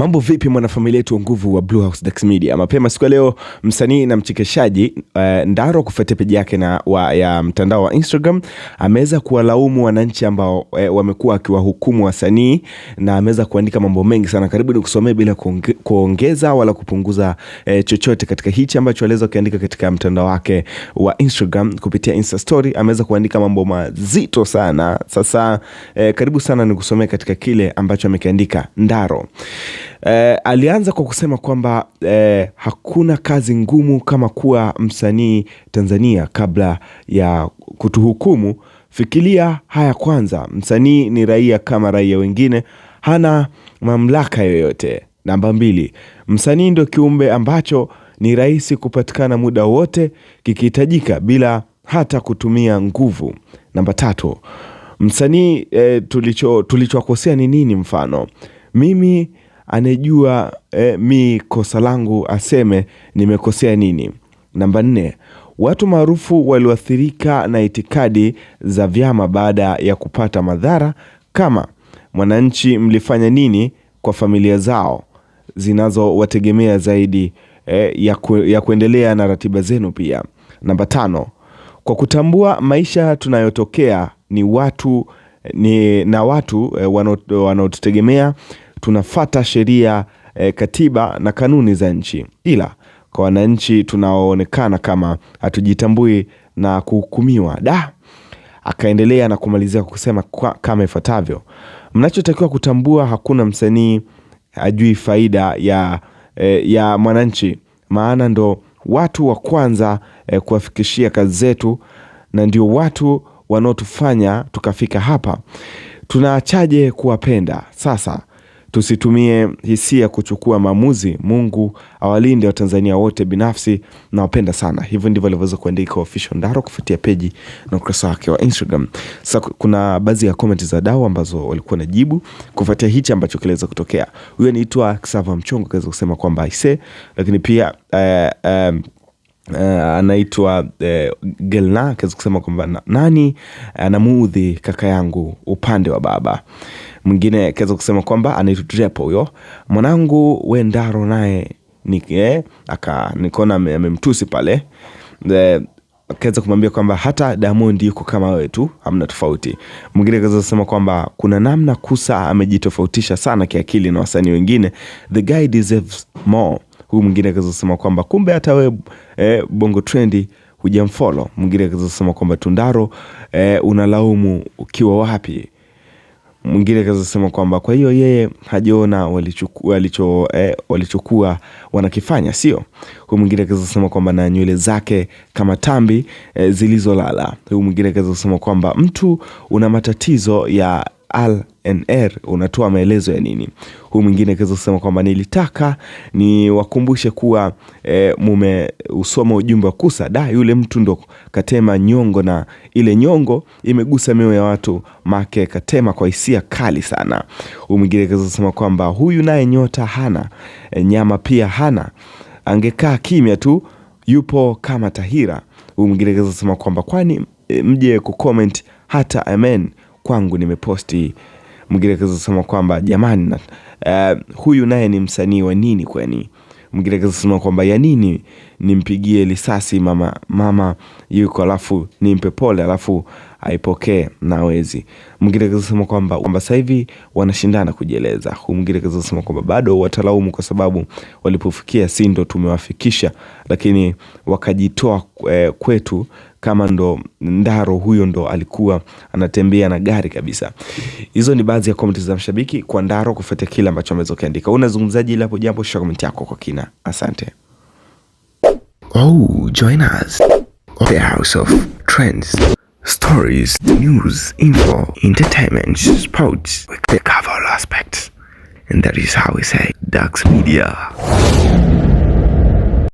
Mambo vipi mwanafamilia yetu wa nguvu wa Blue House Dax Media. Mapema siku ya leo msanii na mchekeshaji uh, Ndaro kufuatia peji yake na wa, ya mtandao wa Instagram ameweza kuwalaumu wananchi ambao eh, wamekuwa akiwahukumu wasanii na ameweza kuandika mambo mengi sana. Karibu ni kusomea bila kuonge, kuongeza wala kupunguza eh, chochote katika hichi ambacho aliweza kuandika katika mtandao wake wa Instagram kupitia Insta story. Ameweza kuandika mambo mazito sana. Sasa eh, karibu sana ni kusomea katika kile ambacho amekiandika Ndaro. Eh, alianza kwa kusema kwamba eh, hakuna kazi ngumu kama kuwa msanii Tanzania. Kabla ya kutuhukumu, fikiria haya kwanza. Msanii ni raia kama raia wengine, hana mamlaka yoyote. Namba mbili, msanii ndio kiumbe ambacho ni rahisi kupatikana muda wote kikihitajika bila hata kutumia nguvu. Namba tatu, msanii e, tulicho tulichokosea ni nini? Mfano mimi anejua eh, mi kosa langu aseme nimekosea nini. Namba nne, watu maarufu walioathirika na itikadi za vyama baada ya kupata madhara kama Mwananchi, mlifanya nini kwa familia zao zinazowategemea zaidi eh, ya, ku, ya kuendelea na ratiba zenu? Pia namba tano, kwa kutambua maisha tunayotokea ni watu ni, na watu eh, wanaotutegemea tunafata sheria e, katiba na kanuni za nchi, ila kwa wananchi tunaoonekana kama hatujitambui na kuhukumiwa da. Akaendelea na kumalizia kusema kwa kama ifuatavyo: mnachotakiwa kutambua, hakuna msanii ajui faida ya, e, ya mwananchi, maana ndo watu wa kwanza e, kuwafikishia kazi zetu na ndio watu wanaotufanya tukafika hapa. Tunaachaje kuwapenda sasa? Tusitumie hisia kuchukua maamuzi. Mungu awalinde Watanzania wote. Binafsi nawapenda sana. Hivyo ndivyo alivyoweza kuandika official Ndaro kufuatia peji na ukurasa wake wa Instagram. Sasa kuna baadhi ya comment za dau ambazo walikuwa jibu kufuatia hichi ambacho kiliweza kutokea. Huyo anaitwa Xavier Mchongo kaweza kusema kwamba aise, lakini pia uh, um, Uh, anaitwa uh, Gelna akaweza kusema kwamba nani anamuudhi kaka yangu upande wa baba. Mwingine akaweza kusema kwamba anaitutrepo huyo mwanangu we ndaro naye eh, nikaona amemtusi pale, the, eh, akaweza kumwambia kwamba hata Diamond yuko kama wewe tu, hamna tofauti. Mwingine akaweza kusema kwamba kuna namna Kusa amejitofautisha sana kiakili na wasanii wengine, the guy deserves more. Huyu mwingine akaweza kusema kwamba kumbe hata wewe eh, Bongo Trendi hujamfollow. Mwingine akaweza kusema kwamba Tundaro eh, unalaumu ukiwa wapi? Mwingine kazasema kwamba kwa hiyo yeye hajaona walichokuwa walicho, eh, walichokuwa wanakifanya sio? Huyu mwingine kazasema kwamba na nywele zake kama tambi eh, zilizolala. Huyu mwingine kazasema kwamba mtu una matatizo ya al NR unatoa maelezo ya nini? Huyu mwingine kaweza kusema kwamba nilitaka niwakumbushe kuwa e, eh, mumeusoma ujumbe wa kusa da, yule mtu ndo katema nyongo na ile nyongo imegusa mioyo ya watu, make katema kwa hisia kali sana. Huyu mwingine kaweza kusema kwamba huyu naye nyota hana e, nyama pia hana, angekaa kimya tu yupo kama Tahira. Huyu mwingine kaweza kusema kwamba kwani e, mje kucomment hata amen kwangu nimeposti Mwingine akasema kwamba jamani, uh, huyu naye ni msanii wa nini kwani? Mwingine akasema kwamba ya nini nimpigie risasi mama mama yuko, alafu nimpe pole, alafu aipokee na awezi. Mwingine akasema kwamba sasa hivi wanashindana kujieleza. Huyu mwingine akasema kwamba bado watalaumu kwa sababu walipofikia si ndo tumewafikisha, lakini wakajitoa eh, kwetu kama ndo ndaro huyo ndo alikuwa anatembea na gari kabisa. Hizo ni baadhi ya komenti za mashabiki kwa Ndaro kufuatia kile ambacho ameweza kuandika. Unazungumzaji hapo jambo, shika komenti yako kwa kina. Asante. Oh, join us. The House of Trends stories, news, info, entertainment, sports. We cover all aspects. And that is how we say Dax Media.